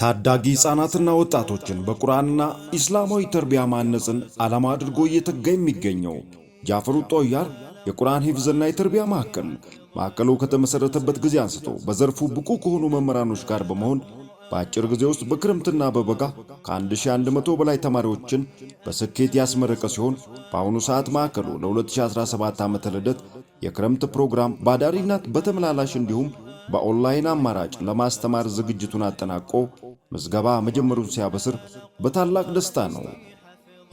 ታዳጊ ህጻናትና ወጣቶችን በቁርአንና ኢስላማዊ ተርቢያ ማነጽን ዓላማ አድርጎ እየተጋ የሚገኘው ጃፈሩ ጦያር የቁርአን ሂፍዝና የተርቢያ ማዕከል ማዕከሉ ከተመሠረተበት ጊዜ አንስቶ በዘርፉ ብቁ ከሆኑ መምህራኖች ጋር በመሆን በአጭር ጊዜ ውስጥ በክረምትና በበጋ ከ1100 በላይ ተማሪዎችን በስኬት ያስመረቀ ሲሆን በአሁኑ ሰዓት ማዕከሉ ለ2017 ዓመተ ልደት የክረምት ፕሮግራም በአዳሪነት በተመላላሽ እንዲሁም በኦንላይን አማራጭ ለማስተማር ዝግጅቱን አጠናቆ ምዝገባ መጀመሩን ሲያበስር በታላቅ ደስታ ነው።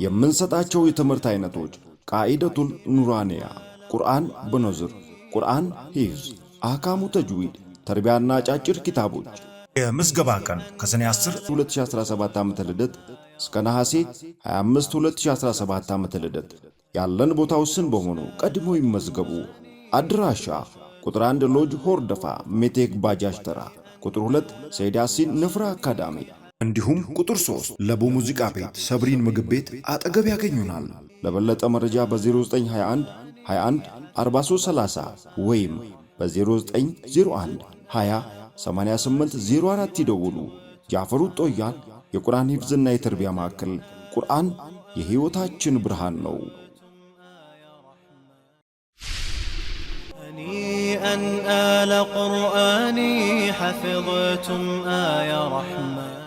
የምንሰጣቸው የትምህርት አይነቶች ቃኢደቱል ኑራንያ፣ ቁርአን በነዝር፣ ቁርአን ሂፍዝ፣ አካሙ ተጅዊድ፣ ተርቢያና አጫጭር ኪታቦች። የምዝገባ ቀን ከሰኔ 10 2017 ዓ.ም ልደት እስከ ነሐሴ 25 2017 ዓ.ም ልደት። ያለን ቦታ ውስን በሆኑ ቀድሞ ይመዝገቡ። አድራሻ ቁጥር 1 ሎጅ ሆርደፋ ሜቴክ ባጃጅ ተራ፣ ቁጥር 2 ሰይድ ያሲን ንፍራ አካዳሚ እንዲሁም ቁጥር 3 ለቡ ሙዚቃ ቤት ሰብሪን ምግብ ቤት አጠገብ ያገኙናል። ለበለጠ መረጃ በ0921 21 4330 ወይም በ0901 20 88 04 ይደውሉ። ጃፈሩ ጦያን የቁርአን ሂፍዝና የተርቢያ ማዕከል። ቁርአን የሕይወታችን ብርሃን ነው። أن آل قرآني حفظتم آية رحمة